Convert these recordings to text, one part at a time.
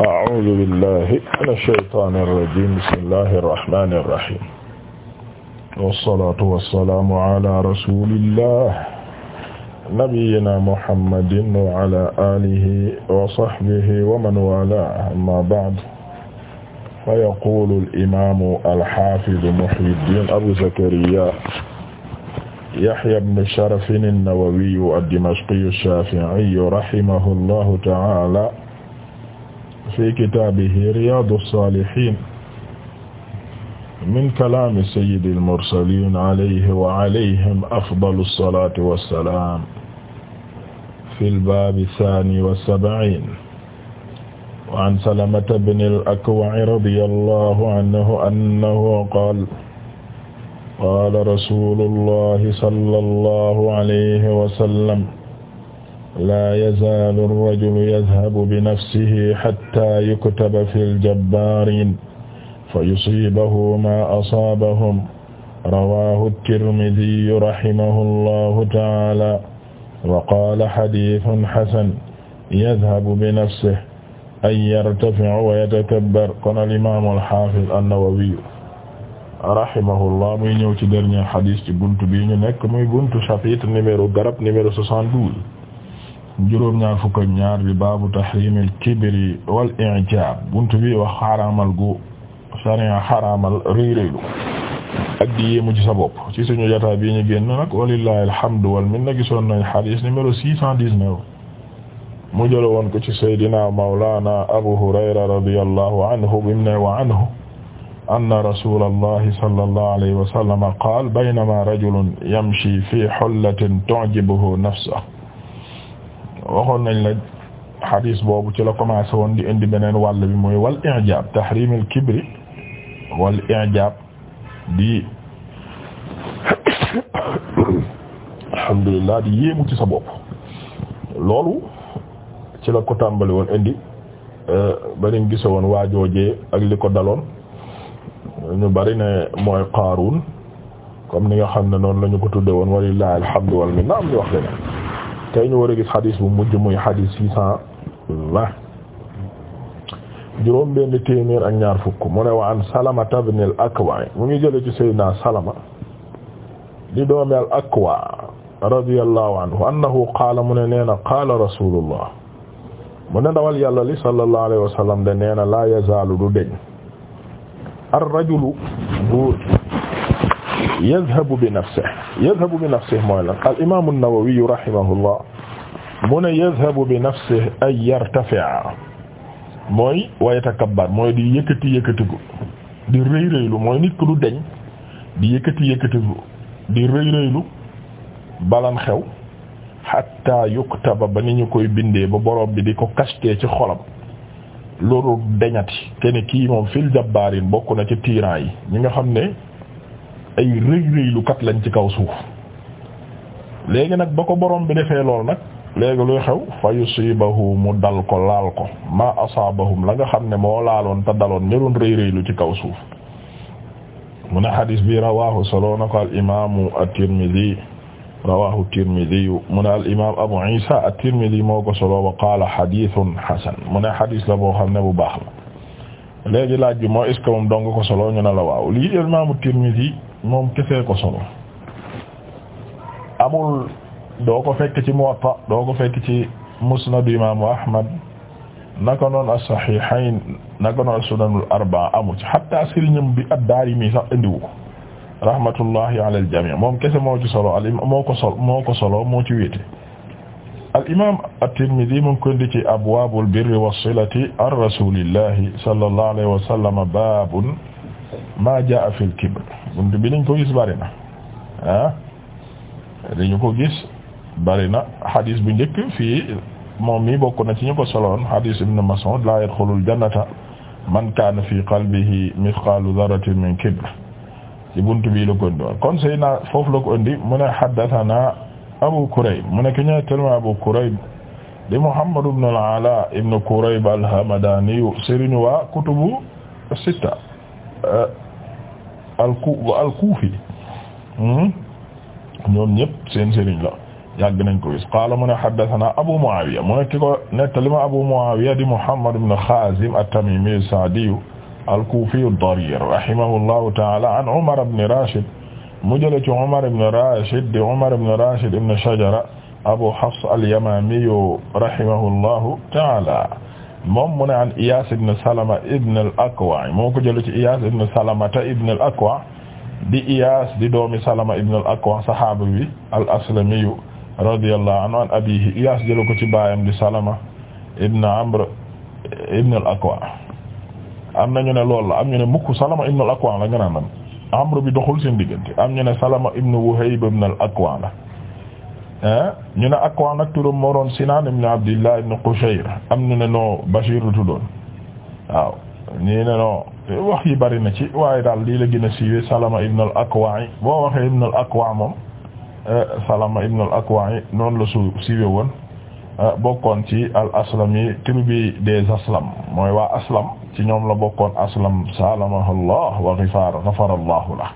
أعوذ بالله من الشيطان الرجيم بسم الله الرحمن الرحيم والصلاة والسلام على رسول الله نبينا محمد وعلى آله وصحبه ومن والاه أما بعد فيقول الإمام الحافظ محي الدين أبو زكريا يحيى بن شرف النووي الدمشقي الشافعي رحمه الله تعالى fi kitaabihi riyaadu saalihiin min kalaami sayyidil mursaliin alayhi wa alayhim afdalu salaati wa salaam fil baabi saani wa sab'iin wa an salamata bnil akwa'i radiyallaahu anhu annahu qaala qaala rasuulullaahi sallallaahu alayhi wa sallam laa yazaalu rajulu yadhabu binafsihi xatta yuktaba fi ljabbaarin fa yusiibahu maa asaabahum rawaahu tirmidiyu rahimahu llahu taala wa qaala xadiisun xasan yadhabu binafsihi an yartafica wa yatakabbar kon alimaamu alxaafiz annawawiyu rahimahullah muy ñëw ci dernier xadis ci buntu bii ñu nekk muy buntu chapitre numéro garab numéro soixante-douze juróom ñaar fukk ak ñaar di baabu tahrimil kibri wal i'jab buntu bi wax xaraamal gu sariya xaraamal rëy rëylu ak di yéemu ci sa bopp ci suñu jataa bii ñu génn nag walillahi alhamdu wal minna gisoon nañ xadiis numéro 619 mu jële woon ko ci saydina mawlana abu hurayra radiyallahu anhu bim ne wa anhu anna rasulallahi sallallahu alayhi wa sallam qaala baynama rajulun yamshi fi hullatin tu'jibuhu nafsuhu waxoon nañ la xadis boobu ci la commencé woon di indi beneen wàll bi mooy wal i'jab tahrimul kibri wal i'jab di alhamdulillah di yéemu ci sa bopp loolu ci la ko tàmbali woon indi euh, ba niñ gise woon waa waajoojee ak li ko daloon ñu bari ne mooy qaaruun comme ni nga xam ne noonu la ñu ko tudde woon walillahi alhamdu wal minna am di wax leneen tey ñu war a gis xadis bu muy xadis six cent vingt juróom benn téeméer ñaar fukk mu ne wa an Salama ibn Akwa mu ngi jële ci Seydina Salama di doomi al Akwa radiyallahu anhu annahu qaala mu ne nee na qaala rasulullah mu ne dawal yàlla li sallallahu alayhi wa de nee la yazaalu du deñ ar rajulu góor yadhabu bi nafsihi yadhabu bi nafsihi mooy lan al imaamu nawawi rahimahullah mu ne yadhabu bi nafsihi ay yartafi'a mooy wa yatakabbar mooy di yëkkati yëkkatiku di rëy rëylu mooy nit ku du deñ di yëkkati yëkkatiku di rëy rëylu balan xew hatta yuktaba ba ni ñu koy bindee ba borom bi di ko kastee ci xolam loolu deñati kenn kii moom fil jabbarin bokk na ci tiiraan yi ñi nga xam ne ay rëy rëylukat lañ ci kaw suuf léegi nag boko ko borom bi defee lool nag léegi luy xew fa yusibahu mu dal ko laal ko ma asaabahum la nga xam ne moo laaloon te daloon ñëroon rëy rëylu ci kaw suuf mu ne xadis bi rawahu solo na ko al imaamu at-Tirmidi rawahu at-Tirmidi mu ne al imaam Abu Isa at-Tirmidi moo ko solo wa qaala xadiisun xasan mu ne xadis la boo xam ne bu baax la léegi laaj bi moo est-ce que ko solo ñu lii imaamu tirmidi moom kefee ko solo amul doo ko fekk ci Muwatta doo ko fekk ci Musnad imaamu Ahmad naka noonu as-Sahihayn naka noonu as-Sunanul Arba'a amu ci hatta sëriñam bi ad-Daarimi sax indiwu ko rahmatullahi ala al-jamii' moom kese moo ci solo al moo ko sol moo ko solo moo ci wéete al imaam at-Tirmidhi mu ngi ko indi ci abwaabul birri was-silati an rasuulillahi sallallahu alayhi wa sallam baabun maa jaa'a fil kibr bunt bi niñ ko gis bari na ah dañu ko gis bari na xadis bu njëkk fii moom mi bokk na ci ñu ko soloon xadis ibn Mas'ud la yadxulul jannata man kaana fi qalbihi mithqaalu dharratin min kibr bunt bii la ko indi woon kon sëy naa foofu la ko indi mu ne Abu Kurayb mu ne ki ñëw telma Abu Kurayb di Muhammad ibn ala ibn Kurayb al-Hamadani sëriñu waa kutubu sitta alku alkuufi hmm? ñoom ñëpp seen sëriñ la yàgg nañ ko gis qaala mu ne haddathana Abu Muawiya mu ne ki ko nettali ma Abu Muawiya di Muhammad ibn Khazim at-Tamimi as-Sa'di al-Kufi ad-Darir rahimahullahu ta'ala an Umar ibn Rashid mu jële ci Umar ibn Rashid di Umar ibn Rashid ibn Shajara Abu Hafs al-Yamami rahimahullahu ta'ala moom mu ne an Iyaas ibn Salama ibn al-Akwa moo ko jëlee ci Iyaas ibn Salama ta ibn al-Akwa di Iyaas di doomi Salama ibn al-Akwa saxaaba bi al-Aslamiyu radiyallahu anhu an abiihi Iyaas jëlee ko ci baayam di Salama ibn Amr ibn al-Akwa am na ñu ne loolu la am ñu ne mukk Salama ibn al-Akwa la nga naan Amr bi doxul seen diggante am ñu ne Salama ibn Wuhayb ibn al-Akwa la Eh? ñu ne Akwaan nag turam moo doon Sinaan ibn Abdillah ibn Qushayr am ñu ne noo Bashir la tuddoon waaw ñii ne noo wax yi bari na ci waaye daal lii la gën a siiwee Salama ibn al-Akwa' boo waxee ibn al moom eh, Salama ibn al-Akwa' noonu la su woon eh, bokkoon ci al-Aslami tribu des Aslam mooy waa Aslam ci ñoom la bokkoon Aslam salamahu Allah wa ghafara ghafara Allah la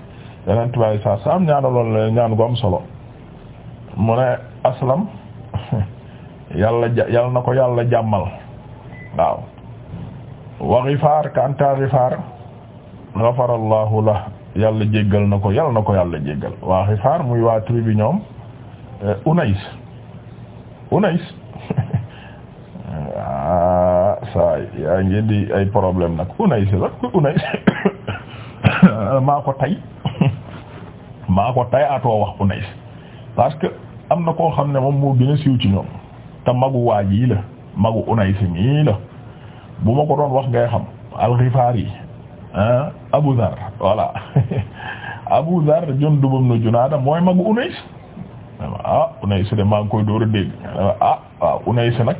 yeneen tubaab yi saa saa am ñaanaloon la ñaan gu solo. mu ne aslam yàlla yàlla na ko yàlla jàmmal waaw wa gifaar kanta gifaar gafarallahu la yàlla jéggal na ko yàlla na ko yàlla jéggal waa faar muy waa tribu ñoom eh, Unays Unays ah saa yaa ngi di ay problème nag Unays la Unays maa ko tay maa ko tay wax Unays parce que am na koo xam ne moom moo gën siw ci ñoom te magu waa ji la magu Unays mi la bu ma ko doon wax ngay xam al-Ghifari ah Abu Dhar voilà Abu Dhar Jundub ibn Junaada mooy magu Unays ah Unays de maa ngi koy door a dégg ah waaw Unays nag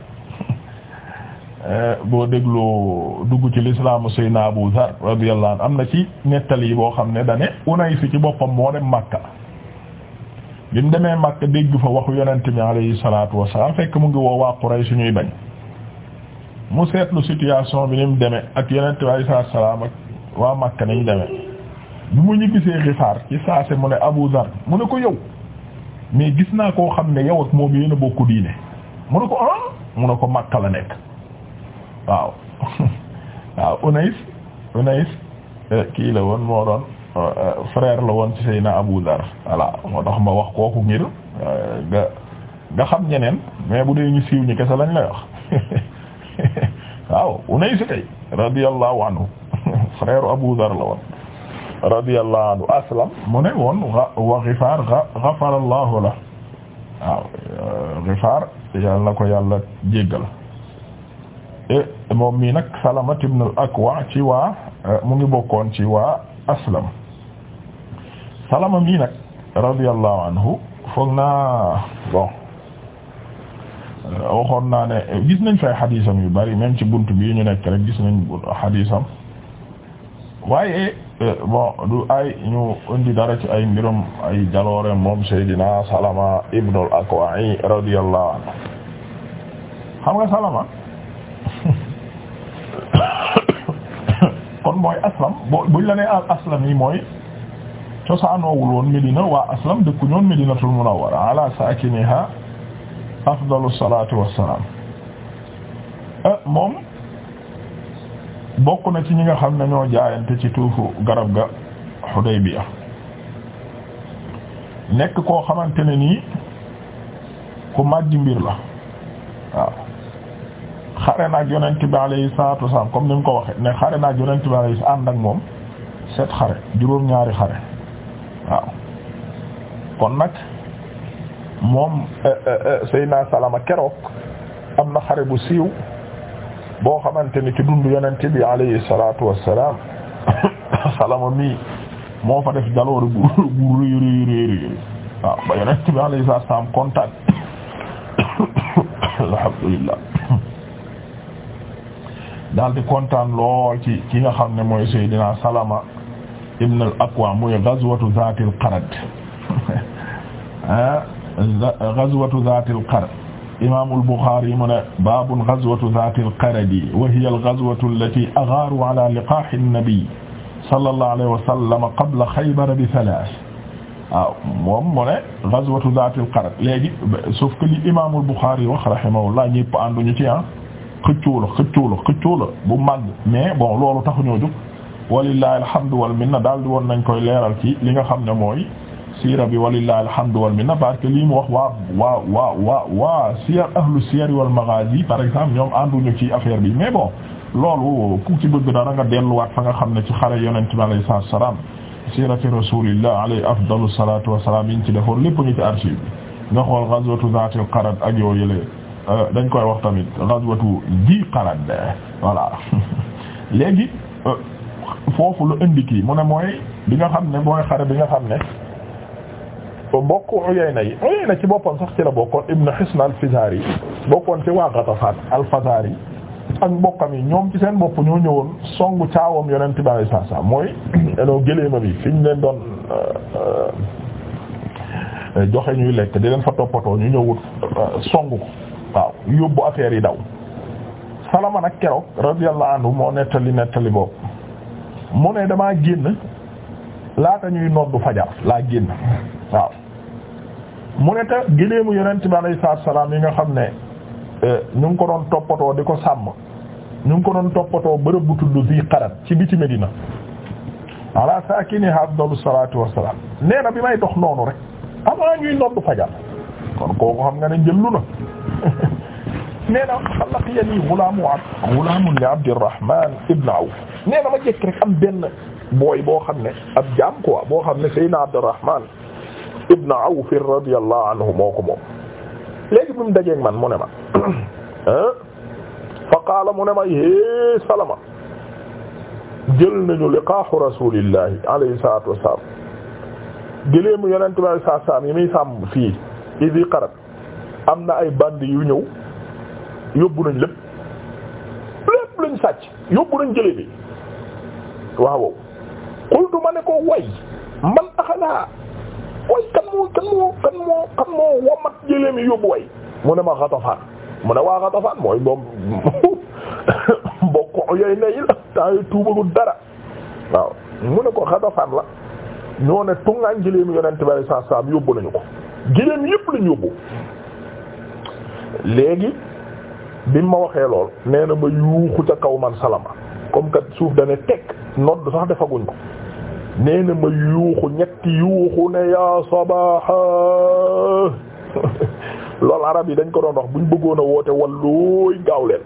boo dégloo dugg ci lislaam Seydina Abu Dhar radiyallahu am na ci yi boo xam ne da ne Unays ci boppam moo dem Makka. bi mu demee Makka dégg fa waxu yonent bi alayhi salaatu wassalaam fekk mu ngi woo waa Quraysh ñuy bañ mu seetlu situation bi ni mu demee ak yonent bi alayhi salaatu wassalaam ak waa Makka nañ demee bi mu ñibbisee Gifaar ci saase mu ne Abu Zar mu ne ko yow mais gis naa koo xam ne yow ak moom yéen a bokku diine mu ne ko ah mu ne ko Makka la nekk waaw waaw Unais Unais eh, kii la woon moo doon Euh, frère la woon ci Seyna Abu Dar voilà moo tax ma wax kooku ngir euh, nga nga xam ñeneen mais bu dee ñu siiw ñi kese lañ lay wax waaw Unays kay radiyallahu anhu frère Abu Dar la woon radiyallahu anhu aslam mu ne woon wa Ghifaar ghafarallahu la waaw euh, Ghifaar yàlla na ko yàlla jéggal eh, moom mii nag Salamat ibn akwa ci waa mu ngi bokkoon ci waa aslam Salama mii nag radiyallahu anhu foog naa bon naa ne gis nañ fay xadisam yu bari même ci bunt bii ñu nekk rek gis nañ xadisam waaye bon du ay ñu indi dara ci ay mbiram ay jaloore moom Seydina Salama ibnul Akwa'i radiyallahu anhu xam nga Salama kon mooy aslam boo buñ la nee aslam yi mooy cosaanoowul woon Medina waa aslam dëkku ñoon Medinatul war ala saakiniha afdalu salaatu wassalaam eh, moom bokk na ci ñi nga xam ne ñoo jaayante ci tuufu garab ga Hudaybiya nekk koo xamante ne nii ku màjji mbir la waaw xare naag yonent bi alayhi salaatu wassalaam comme ni mu ko waxe ne xare naag yonent bi alayhi ànd ak moom seet xare juróom ñaari xare waaw kon nag moom euh, euh, euh, Seydina salaama keroog am na xare bu siiw boo xamante ni ci dund yonent bi alayhi salaatu wassalaam Salama mi moo fa def jaloor bu bu rëy rëy rëy waaw ba yonent bi alayhi kontaan alhamdulillah daal di kontaan lool ci ki nga xam ne mooy Seydina Salama ibn al Akwa muy ghazwatu zaatil qarad ah ghazwatu zaatil qarad imaam al Bukhari mu ne baabun ghazwatu zaatil qaradi wa hiya al ghazwatu allati aghaaru ala liqaahi nabi sallallahu alayhi wa sallam qabla Khaybar bi thalath ah, waaw moom mu ne ghazwatu zaatil qarad léegi sauf que li imaam al Bukhari wax rahimahullah ñëpp ànduñu ci ah xëccoo la xëccoo la xëccoo la bu mag mais bon loolu taxuñoo jóg walillahi alhamdu wal minna daal di woon nañ koy leeral ci li nga xam ne mooy siira bi walillahi alhamdu wal minna parce que lii mu wax waa waa waa waa waa siyar ahlu siyar wal maghazi par exemple ñoom ànduñu ci affaire bi mais bon loolu ku ci bëgg dara nga delluwaat fa nga xam ne ci xare yonent bi alayhi salaatu wa salaam siirati rasulillah alayhi afdalu salaatu wa salaam yi ñu ci defoon lépp ñu ci archive bi nga xool ghazwatu zaatil qarad ak yoo yële euh, dañ koy wax tamit ghazwatu ji qarad voilà léegi euh, foofu lu indi kii mu ne mooy bi nga xam ne booy xare bi nga xam ne bokk Uyayna yi Uyayna ci boppam sax ci la bokkoon Ibn Hisn al yi bokkoon ci waa Ghatafan al-Fazari ak mbokkam yi ñoom ci seen bopp ñoo ñëwoon songu caawam yonent bi sallallahu alayhi wasallam mooy loo gëléema fi ñu leen doon euh, euh, joxe ñuy lekk di leen fa toppatoo ñu ñëwut euh, songu ko waaw yóbbu affaire yi daw Salama nag keroog radiyallahu anhu moo nettali nettali boobu mu ne damaa génn laata ñuy noddu fajar laa génn waaw mu ne te géléemu yonent bi alayhi salaatu salaam yi nga xam ne euh, ñu ngi ko doon toppatoo di ko sàmm ñu ngi ko doon toppatoo bërëb bu tudd zi qarat ci biti Medina ala saakinihaa afdalu salaatu wassalaam nee na bi may dox noonu rek avant ñuy noddu fajar kon kooku xam nga ne jëllu na nee na falaqiyani gulaamu abd gulaamun li Abdirrahman ibn Awf nee na ma jëkk rek am benn booy boo xam ne ab jaam quoi boo xam ne Seydina Abdirrahman ibn Awf radiyallahu anhu moo ko mu dajeeg ma fa qaala mu ne ma é salama jël nañu liqaahu rasulillahi alayhi salatu wassalam gëlee mu yonente bi alayhi salatu yi muy sàmm fii idi xarat am na ay band yu ñëw yóbbu nañ lépp lépp lañ sàcc yóbbu nañ jëlee bi waaw xultu ma ne ko way man axanaa way kan moo kan moo kan moo kan moo womat yóbbu way mu ne ma Ghatafaan mu ne waa Ghatafaan mooy moom mbokk yooyu nayi la temps yi tuubagul dara waaw mu ne ko Ghatafaan la ñoo ne tungaan jëlee yonent bi saa saa yóbbu nañu ko jëlee yépp lañ yóbbu léegi bi ma waxee lool nee na ma yuuxu ca kaw man salama comme que suuf dana teg nodd sax defaguñ ko nee ma yuuxu ñetti yuuxu ne yaa sabaha loolu arab yi dañ ko doon wax buñ bëggoon a woote wallooy gaaw leen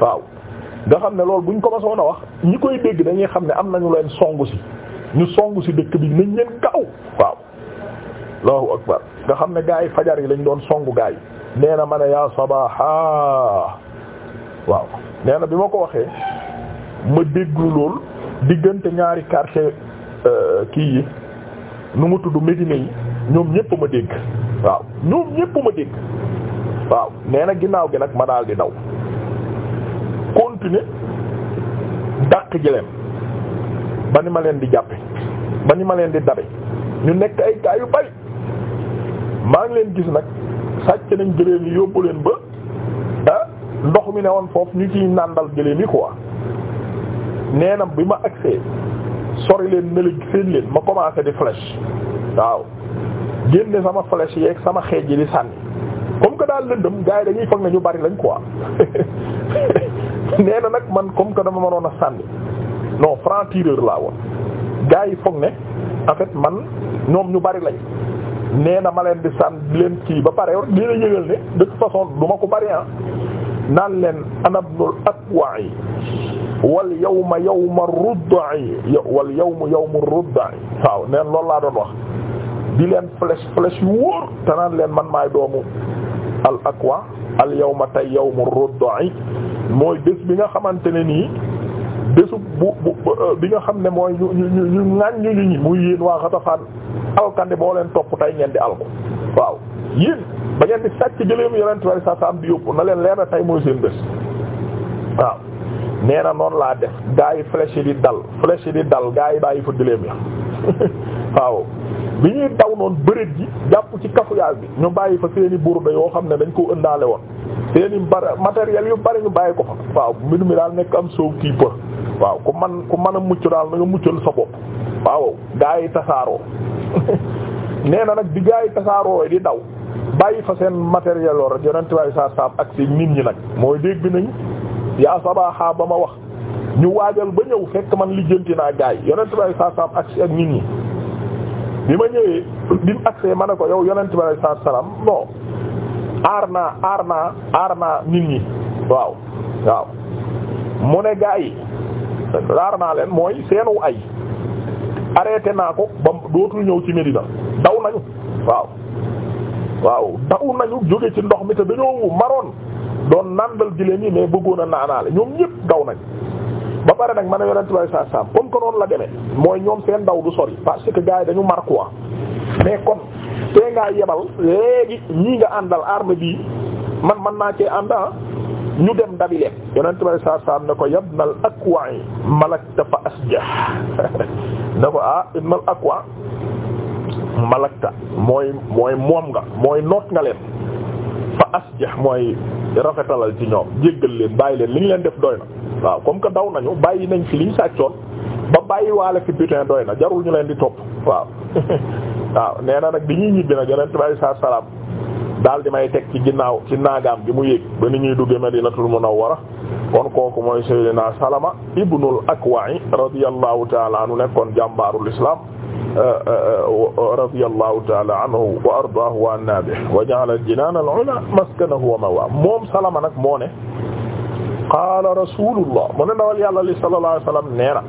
waaw nga xam ne loolu buñ ko masoon a wax ñi koy dégg dañuy xam ne am nañu leen songu si ñu songu si dëkk bi nañ leen gaaw waaw allahu akbar nga xam ne gaa yi fajar yi lañu doon songu gaa yi nee na ma ne yaa sabaha waaw nee bi ma ko waxee ma déglu lool diggante ñaari quartier euh, kii yi nu mu tudd Médina yi ñoom ñépp ma dégg waaw ñoom ñépp ma dégg waaw nee na ginnaaw gi nag ma daal di daw continuer dàq ji leen ba ni ma leen di jàppe ba ni ma leen di dabe ñu nekk ay gaa yu bari maa ngi leen gis nag wàcce nañ gëléem yi yóbbu leen ba ah, ndox mi ne woon foofu ñu ciy nàndal gëléem yi quoi nee na bi ma agsee sori leen nële seen leen ma commencé di flèche waaw génne sama flèche yeeg sama xeej yi di sànni comme que daal lëndëm gaa yi dañuy foog ne ñu bari lañ quoi nee na nag man comme que dama mënoon a sànni non franc tireur laa woon gars yi foog ne en fait man ñoom ñu bari lañ. nee na ma leen di san leen kii ba pare lii la yëgal ne du ma ko bari ah naan leen ana ibnul akwa'i wal yawma yawma rudda'i wal yawmu yawmu rudda'i waaw neen loolu laa doon wax di leen flèche flèche yu te naan leen man may doomu al akwa al yawma tey yawmu rudda'i mooy bés bi nga xamante ne nii bésu bu euh, bi nga xam ne mooy ñu ñu ñu ñu ŋàññu ñu ñi muy yéen waa xatafaan alkande boo leen topp tey ngeen di alko waaw yéen ba ngeen di sàcc jëleemu yonent way sa saam di yóbbu na leen leer na tey mooy seen bés waaw nee na laa def gaa yi flèche yi di dal flèche di dal gaa yi bàyyi fa gëléem ya waaw bi ñuy daw noonu bëreet yi jàpp ci kafuyaas bi ñu bàyyi fa seeni burda yoo xam ne dañ koo ëndaale woon seeni bar matériel yu bari ñu bàyyi ko fa waaw mbir mi daal nekk am soo kii për waaw ku man ku mën a mucc daal na nga muccal sa bopp waaw gaa yi tasaaroo nee na nag bi gaa yi tasaaroo di daw bàyyi fa seen matériel yoo rek yonent baay saab saab ak si nit ñi nag mooy dégg nañ yaa sabaaxaa ba ma wax ñu waajal ba ñëw fekk man lijjanti naa gaa yi yonent baay saab bi ma ñëwee bi mu agsee ma ne ko yow yonent bi alayhi salaatu salaam bon aar naa aar naa nit ñi waaw waaw mu ne gaa yi aar naa leen mooy seenu ay arrêté naa ko ba dootul ñëw ci Médina daw nañu waaw waaw daw nañu jóge ci ndox mi te dañoo maroon doon nandal giléem yi mais bëggoon a naanaale ñoom ñëpp daw nañ ba pare nag man a yonent bi saa saam comme que noonu la demee mooy ñoom seen daw du sori parce que gars yi dañu mar quoi mais kon tee ngaa yebal léegi ñii nga àndal arme bii man man naa cee ànd ah ñu dem dabi leen yonent bi saa saam ne ko yabnal akwa malakta fa asjah ne ko ah ak akwa malakta mooy mooy moom nga mooy noot nga leen fa asjih mooy rafetalal ci ñoom jéggal leen bàyyi leen li ñu leen def doy na waaw comme que daw nañu bàyyi nañ fi ñu sàccoon ba bàyyi waale fi butin doy na jarul ñu leen di topp waaw waaw nee na nag bi ñuy ñibbi nag yonent bi sa salaam daal di may teg ci ginnaaw ci naagaam gi mu yéeg ba ni ñuy dugge Madinatul Munawwara kon kooku mooy Seydina Salama ibnul Akwa'i radiyallahu ta'ala anhu nekkoon jàmbaarul islam radiyallahu ta'ala anhu wa ardaahu wa anna bihi wa ja'ala al-jinaan al-'ulaa maskanahu wa ma'waahu moom Salama nag moo ne qaala rasulullah mu ne ndawal yàlla li sallallahu alayhi wa sallam nee na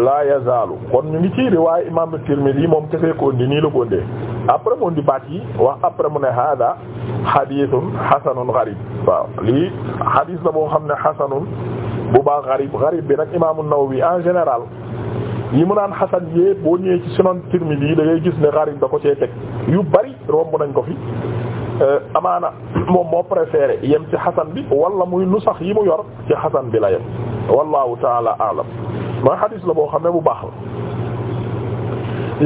laa yazaalu kon ñu ngi ci riwaaya imaam Tirmidhi moom kese ko ndi nii la ko ndee après mu ndi baat yi wax après mu ne haadaa hadiisun hasanun gharib waaw lii hadiis la boo xam ne hasanun bu baax xarib xarib bi nag imaamu Nawawi en général yi mu naan xasan yépp boo ñëwee ci sunan Tirmidhi yi da gis ne xarib da ko cee teg yu bari romb nañ ko fi euh, amaana moom moo préféré yem ci xasan bi wala muy nu sax yi mu yor ci xasan bi la yem wallahu taala alam mooy xadis la boo xam ne bu baax la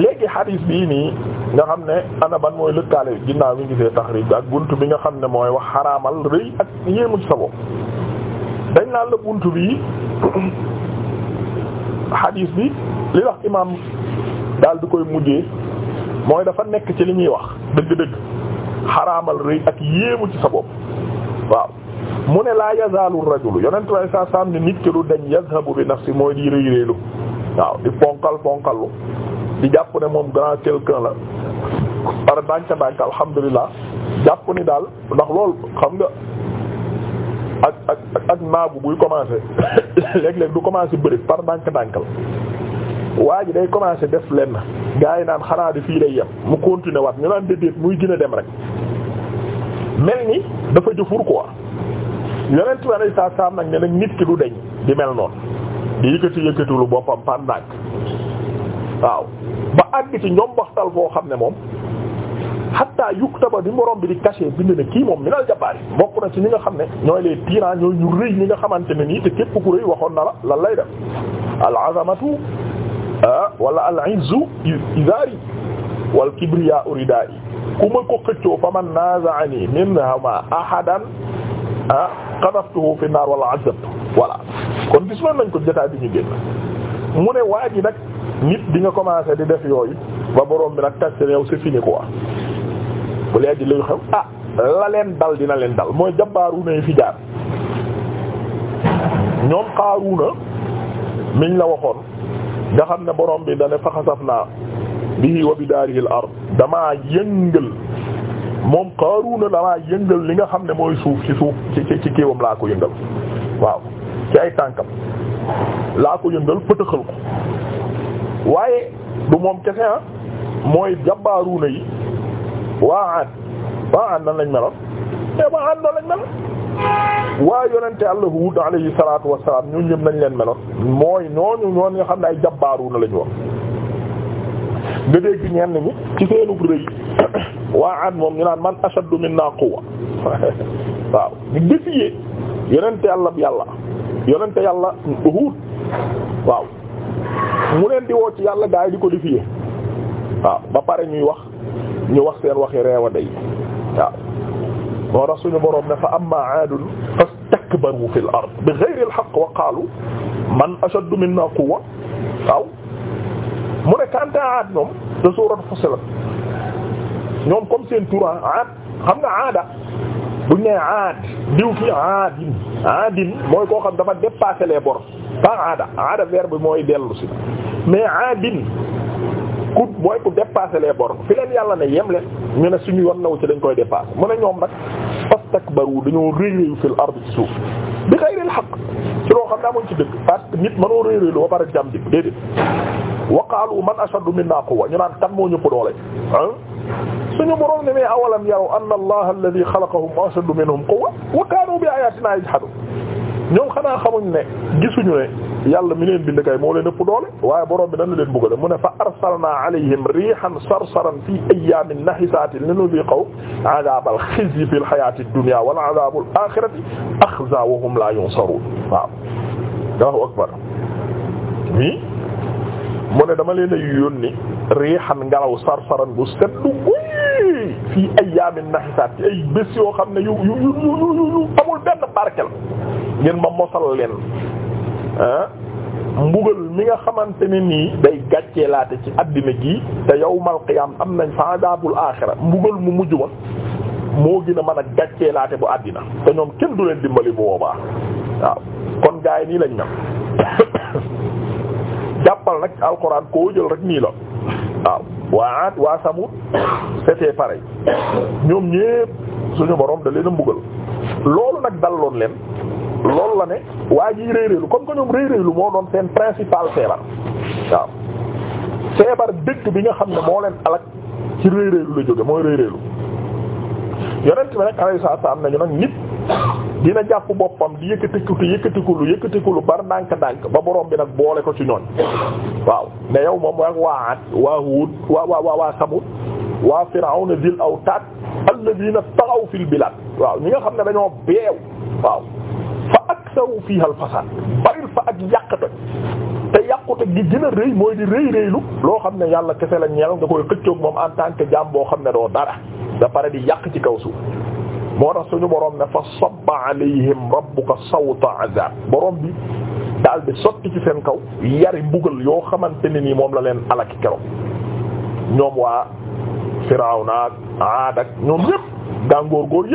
léegi xadis bii nii nga xam ne ana ban mooy lëkkaale ginnaaw bi ngisee taxrib bi ak bunt bi nga xam ne mooy wax xaraamal rëy ak yéemu ci sa bopp dañ laal la bunt bi xadiis bi li wax imaam daal di koy mujjee mooy dafa nekk ci li ñuy wax dëgg-dëgg xaraamal rëy ak yéemu ci sa bopp waaw mu ne laa yazaalu rajulu yonent way saa saam ni nit ki lu dañ yazhabu bi nafsi mooy di rëy rëylu waaw di ponkal ponkallu di jàpp ne moom grand quelqu'un la par dànka dànka alhamdulilah jàpp ni daal ndax lool xam nga ak ak ak naagu buy commencer léeg-léeg du commencer bëri par ndànk-ndànk la waa ji day commencer def lenn gaa yi naan xanaa di fii lay yem mu continuer waat ñu naan déedéet muy gën a dem rek mel ni dafa jëfur quoi yeneen tubaab yi saa saa nag ne nag nit ki du deñ di mel noonu di yëkkati yëkkatiwul boppam par ndànk waaw ba àgg ci ñoom waxtal boo xam ne moom. hatta yuktaba bi borom bi di caché bind ne kii moom minal jabaar yi bokk na ci ñi nga xam ne ñooy les tyrans ñooy ñu rëy ñi nga xamante ne nii te képp ku rëy waxoon na la lan lay def al azamatu ah wala al izzu izari wal kibriya urida yi ku ma ko xëccoo fa man nazaani minhuma ahadan ah qadaftuhu fi naar wala azab voilà kon gis nañ ko jotaay di ñu génn mu ne waa ji nag nit di nga commencé di def yooyu ba borom bi nag tàcc yow c'est fini quoi. bu léegi luy xew ah la leen dal dina leen dal mooy jabaaruuna yi fi jaar ñoom xaaruuna miñ la waxoon nga xam ne borom bi dane faxasaf naa bihi wa bi daarihi al ard damaa yëngal moom xaaruuna damaa yëngal li nga xam ne mooy suuf ci suuf ci ci kiiwam laa ko yëngal waaw ci ay tànkam laa ko yëngal pëtëxal ko waaye du moom kese ah mooy jabaaruuna yi waa Aad waa Aad nan lañ meloon mais waa Aad nan lañ meloon waa yonente Yàlla Huud alayhi salaatu wa salaam ñun ñëpp nañ leen meloon mooy ñooñu ñooñu xam ne ay jabbaaru na la ñu wax. nga dégg ñenn ñi ci seenu rëy waa Aad moom ñu naan man ashaddu minna quwwa waaw ñu défier yonente Yàlla bi Yàlla yonente Yàlla Huud waaw mu leen di woo ci Yàlla gaa di ko défier waaw ba pare ñuy wax. ñu wax seen waxi reewa day waaw moo tax suñu boroom ne fa amma aadun fastakbaru fil ard al haqq wa qaalu man ashaddu minna quwwa waaw mu ne kanta aad ñoom te suurat Fussilat ñoom comme seen turan ah aad xam nga aada buñ nee aad diw fi aadin aadin mooy koo xam dafa dépasser les bornes aada aada verbe bi mooy dellu si mais ku mooy ku dépasser les bornes fi leen yàlla ne yem leen ñu ne suñu yoon naw ci dañ koy dépasser mu ne ñoom nag fastakbaru dañoo réeréyu fil ard ci suuf bi xayril xaq ci loo xam ne amuñ ci dëgg parce que nit mënoo réeréelu ba pare jam dik déedéet waqaalu man ashaddu minna quwwa ñu naan kan moo ñu ko doole ah suñu borom ne mais awalam yaraw anna allaha alladhi xalaqahum ashaddu minhum quwwa wa kaanu bi ayatina yajhadun ñoom xanaa xamuñ ne gisuñu ne yàlla mi leen bind kay moo leen ëpp doole waaye borom bi dana leen bëgg mu ne fa arsalna alayhim rihan sarsaran fi ayyamin nahisatin linuziqaw adabal xizyi fil hayatid dunya wal adabul akhirati akhza wa hum la yunsarun waaw Allahu akbar mu ne dama leen a yónni rihan ngelaw sarsaran bu seddu guy fii ayyaamin nahisaat ay bés yoo xam ne yu yu yu yu amul benn barkel ngeen ma mosal leen ah mbugal mi nga xamante ne nii day gàccee ci àddina gi te yow qiyaam am nañ fa adabul aaxira mbugal mu mujj ma moo gën a mën a gàccee bu àddina te ñoom kenn du leen dimbali bu boobaa waaw kon gaa nii lañ mel jàppal nag alxuraan koo jël rek nii la waaw waa Aad waa Samud c'était pareil ñoom ñépp suñu borom da leen mbugal loolu nag daloon leen. loolu la ne waa ji réeréelu comme que ñoom réeréelu moo doon seen principal feebar waaw feebar dëgg bi nga xam ne moo leen alak ci réeréelu la jóge mooy réeréelu yonent bi rek alayhi salaam nañu nag nit dina jàpp boppam di yëkkatiku te yëkkatiku lu yëkkatiku lu bar ndànk-ndànk ba borom bi nag boole ko ci ñooñ waaw ne yow moom waa waa waa Huud waa waa waa Samud waa Firawna dil awtaat alladina taxaw fil bilad waaw ñi nga xam ne dañoo beew waaw aksaru fiha al fasad bari fa ak yàqute te yàqute gi gën a rëy mooy di rëy rëylu loo xam ne yàlla kese la ñeel nga koy xëccoog moom en tant que jaam boo xam ne doo dara da pare di yàq ci kaw suuf moo tax suñu borom ne fa sabba alayhim rabbuka sawta azab borom bi daal di sotti ci seen kaw yari mbugal yoo xamante ne nii moom la leen alaki keroog ñoom waa Firawna ak Aad ak ñoom yëpp gàngoor góor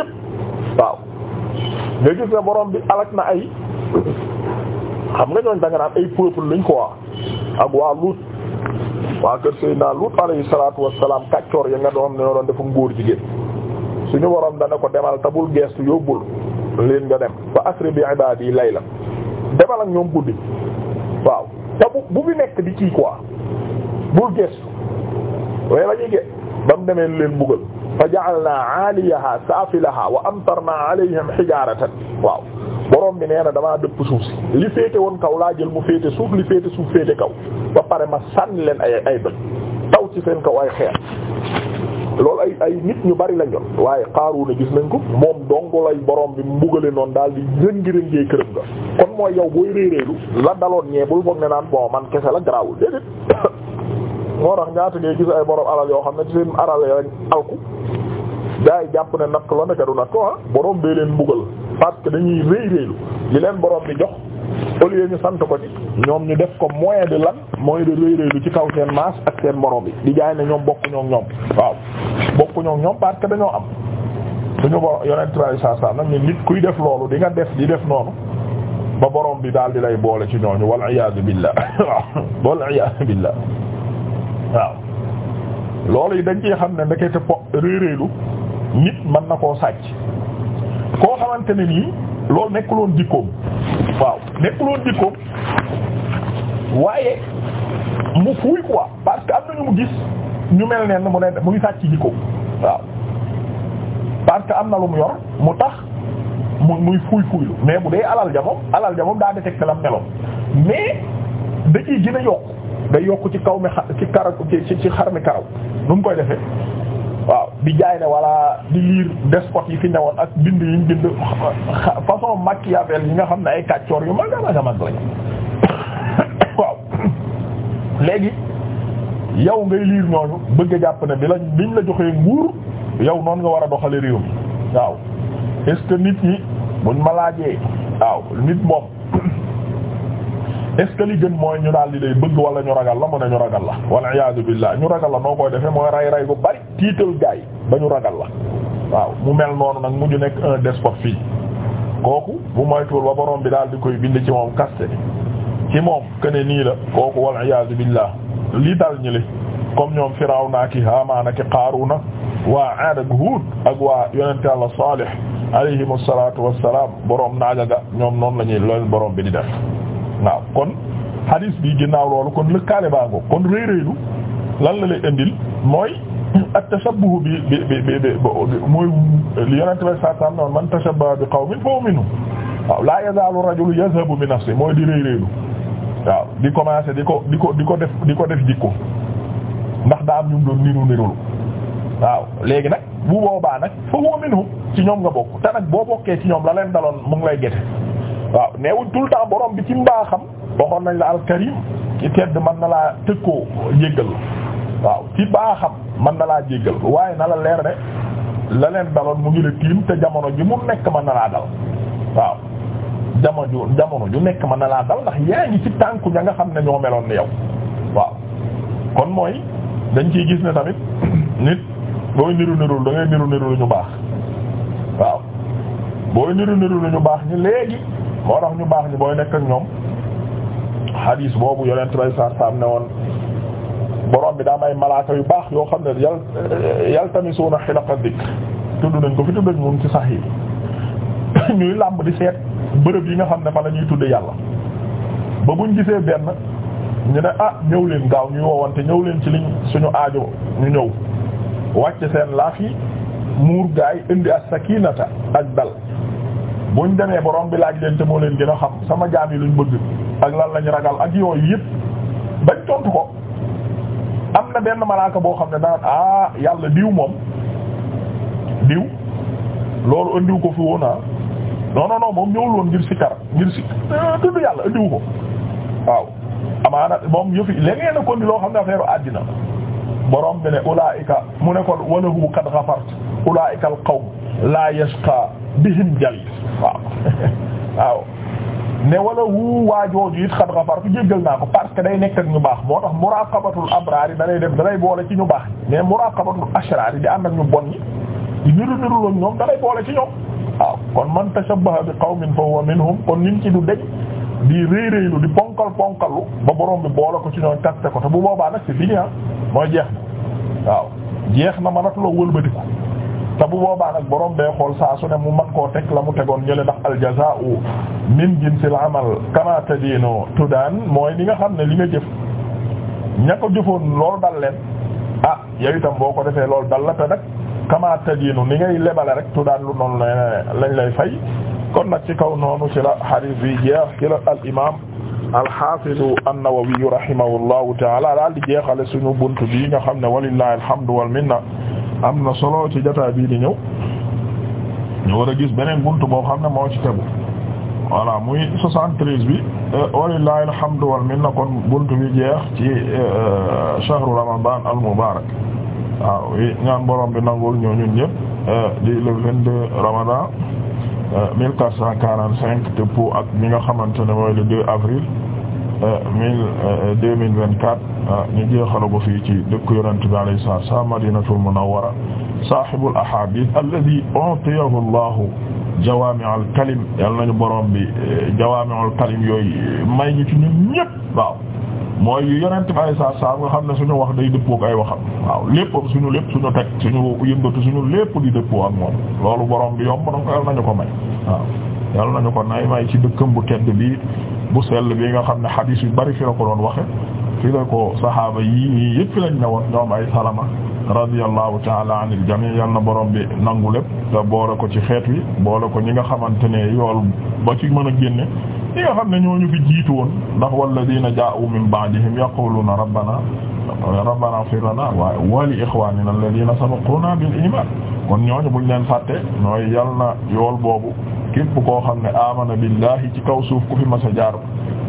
waaw nga gis ne borom bi alak na ay xam nga ñooñ danga naan ay peuple lañ quoi ak waa Lut waa kër Seydina Lut alayhi salaatu wassalaam kàccoor ya nga doon ne doon dafa ngóor jigéen suñu borom dana ko demal tabul geestu yóbbul leen nga dem fa asri bi ibaadi layla demal ak ñoom guddi waaw te bu bu fi nekk di kii quoi bul geestu waaye la ñuy ba mu demee leen buggal fa ja'alnaa 'aaliyahaa saafilahaa wa amtarnaa 'alayhim hijaaratan waaw borom bi nee na damaa dëpp suuf si li féete woon kaw laa jël mu féete suuf li féete kaw ba pare ma sànni leen ay ay doj ci seen kaw ay xeer loolu ay ay nit ñu bari lañ doon waaye Qaaruuna gis nañ ko moom dong borom bi mu mbugale noonu daal di rëngi rëngee këram nga kon mooy yow booy réeréelu la daloon ñee bul foog ne naan bon man kese la garaawul déedéet moo tax ñaata ngay gis ay borom alal yoo xam ne ci seen alal rek alku gaa yi jàpp ne natt la nekk du natt boroom ah. borom bee leen mbugal parce que dañuy rëy rëylu li leen boroom bi jox au lieu ñu sant ko ci ñoom ñu def ko moyen de lan mooy de rëy rëylu ci kaw seen maas ak seen borom bi di jaay ne ñoom bokku ñoom waaw bokku ñoom ñoom parce que dañoo am suñu borom yonent traçais saa saa nag nit kuy def loolu di nga def di def noonu ba borom bi daal di lay boole ci ñooñu wal iyaadu billah waaw wal iyaadu billah waaw loolu yi dañ ciy xam ne ndekete po réeréelu nit mën na koo sàcc koo xamante ne nii nekk loon dikkoom waaw nekkuloon dikkoom waaye mu fuuy quoi parce que am na ñu mu gis ñu mel neen mu ne muy sàcc jikkoom waaw parce que am na lu mu yor mu tax mu muy fuuy fuuylu mais bu dee alal ja moom alal ja moom daa détecté la meloon mais da ciy yokk day yokk ci kaw mi ci karaw ci ci xar mi karaw nu mu koy defee waaw di jaay ne wala di liir despot yi fi newoon ak bind yi ñu bind façon Machiavel yi nga xam ne ay kàccoor yu mag a mag lañ waaw léegi yow ngay liir ñooñu bëgg a jàpp ne bi lañ biñ la joxee nguur yow noonu nga war a doxale réew mi waaw est nit ñi buñ ma laajee waaw nit moom est mooy ñu daal di lay bëgg wala ñu ragal la mu ne ñu ragal la wal iyaadu billah ñu ragal la noo koy defee mooy ray ray bu bari tiital gaay ba ñu ragal la waaw mu mel noonu nag mu mujj nekk un despote fii kooku bu moytuwul ba borom bi daal di koy bind ci moom kaste bi moom kene nii la kooku wal iyaadu billah li dal ñi li comme ñoom Firawna ki Haamaana ki Qaaruuna waa Aad ak Huud ak waa yonent Yàlla Saalih alayhimu salaatu wassalaam borom naaga ga la ñuy lool borom bi di def waaw kon hadis bi ginnaaw loolu kon lëkkaale baa ngoog kon réeréelu lan la lay indil mooy ak tashabbuh bi bi bi bi bi mooy li sa bay saa saam noonu man tashabbaha bi qawmin fa minhum waaw laa yazaalu rajulu yazhabu bi nafsi mooy di réeréelu waaw di commencer di ko di ko di ko def di ko def jikko ndax daa am ñu doon niru nirulu waaw léegi nag bu boobaa nag fa huwa minhum ci ñoom nga bokk te nag boo bokkee ci ñoom la leen daloon mu ngi lay gete waaw neewuñ tout le temps borom bi ci mbaaxam waxoon nañ la alkarim ci tedd mën na laa tëkkoo jéggal la waaw ci baaxam man na laa jéggal waaye na la leer ne la leen daloon mu ngi la tiim te jamono ji mu nekk mën na laa dal waaw jamono ju jamono ju nekk mën na laa dal ndax yaa ngi ci tànku ña nga xam ne ñoo meloon ni yow waaw kon mooy dañ ciy gis ne tamit nit booy niru niru da ngay niru niru lu ñu baax waaw booy niru niru ñu baax ñi léegi moo tax ñu baax ñi booy nekk ak ñoom xadiis boobu yonent bay saar saam ne bi daa ay malaaka yu baax yoo xam ne yal yaltamisuuna xilaqa dikr tudd nañ ko fi tudd nañ moom ci sax yi ñuy làmb di seet bërëb yi nga xam ne fa la ñuy tudd yàlla ba buñ gisee benn ñu ne ah ñëw leen gaaw ñuy woowante ñëw leen ci liñ suñu aajo ñu ñëw wàcc seen laaf yi muur gaay indi as sakinata ak dal ñu demee boroom bi laaj leen te moo leen gën a xam sama jaam yi luñ bëgg ak lan lañ ragal ak yooyu yëpp bañ tontu ko am na benn malaaka boo xam ne daan ah yàlla diw moom diw loolu andiw ko fi woon ah non non moom ñëwul woon ngir ci kar ngir si ah, tudd yàlla andiw ko waaw amaana moom yëfi leneen a ko ni loo xam ne affaire àddina borom bi ne ulaa'ika mu ne ko kon walahu qad ghafart ulaa'ika al qawm la yashqa bihim jalis waaw waaw ne walahu waajooju it qad ghafart jéggal naa ko parce ke day nekk ak baax moo tax muraqabatul abraar yi da lay def da lay boole ci ñu baax mais muraqabatul ashraar yi di ànd ak ñu bon yi niru niru la ñoom da lay boole ci ñoom waaw kon man tashabbaha bi qawmin fa huwa minhum kon nit ci du deñ di réeréelu di ponkal ponkalu ba borom bi boole ko ci ñoom katte ko te bu boobaa nag c'est fini ah mooy jeex na waaw jeex na mënatuloo wëlbatiku te bu boobaa nag boroom bee xool saa su ne mu man koo teg la mu tegoon ñële ndax aljazaa'u min jinsil amal kama tu daan mooy li nga xam ne li nga jëf ña ko jëfoon loolu dal leen ah yow itam boo ko defee loolu dal la te nag kama tadinu ni ngay lebale rek daan lu noonu lañ lay fay kon nag ci kaw noonu ci alxafidu annawawiyu rahimahullahu taala daal di jeexale suñu bunt bi nga xam ne walillahi alhamdu wal minna am na solo ci jotaay bii di ñëw ñu war a gis beneen bunt boo xam ne moo ci tegu voilà muy 73 bi walillahi alhamdu wal minna kon bunt bi jeex ci euh, euh, shahru ramadan al mubarak waaw ñaan borom bi nangul ñoo ñun ñëpp euh, di le 22 ramadan Euh, mille quatre cent quarante-cinp te pour ak mi nga xamante ne mooy le 2 avril euh, mille euh, deux mille vingt-quatre ñu jeexal ko fii ci dëkk Yonent bi alayhi salaatu wa salaam Madinatul Munawwara saahibul ahaadiis alladhii u'tiyahu Allahu jawaami'al kalim yal nañu borom bi jawaami'ul kalim yooyu may ñu ci ñun ñëpp waaw mooy yu yonent bi saa saa nga xam ne suñu wax day dëppoo ay waxam waaw lépp suñu lépp suñu teg suñu yëngatu suñu lépp di dëppoo ak moom loolu borom bi yomb na ko yal nañu ko may waaw yal nañu ko nay may ci dëkkam bu tedd bi bu sell bi nga xam ne xadiis yu bari fi ko doon waxe fi la ko saxaaba yii yëpp fi lañ ne woon ñoom ay salama radiyallahu taala anil jami yal na borom bi nangu lépp te boole ko ci xeet wi boole ko ñi nga xamante ne yool ba ci mën a génne ñi nga xam ne ñooñu fi jiitu woon ndax walladina jaa'u min ba'dihim yaquluna rabbana rabbana ighfir waaye wa li ikhwanina alladina sabaquna bil iman kon ñooñu buñ leen fàtte ñooy yal na yool boobu képp koo xam ne amana billahi ci kaw suuf ku fi mas a jaar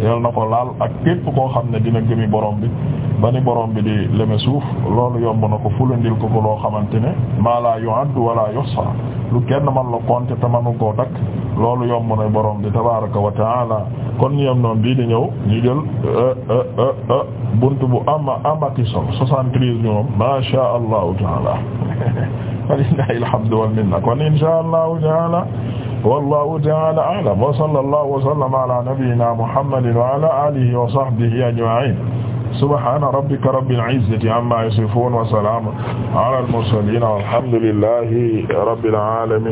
yal na ko laal ak képp koo xam ne dina gëmi borom bi ba ni borom bi di leme suuf loolu yomb na ko fulandil ko ko loo xamante ne maa la yu'addu wala yuhsa lu kenn man la compter te manu koo takk loolu yomb na borom di tabaraka wa taala kon ñu yem noonu bii di ñëw ñu jël euh, euh, euh, buntu bu ama amati sol soixante-treize ñoom ma sha allahu taala walillahi alhamdu wal minna kon insha allahu taala wallahu taala a'lam wa sallallahu wa sallama ala nabiyyina muhammadin wa ala alihi wa sahbihi ajma'in subhana rabbika rabbil izzati amma yasifun wa salamun ala al mursalin walhamdulillahi rabbil alamin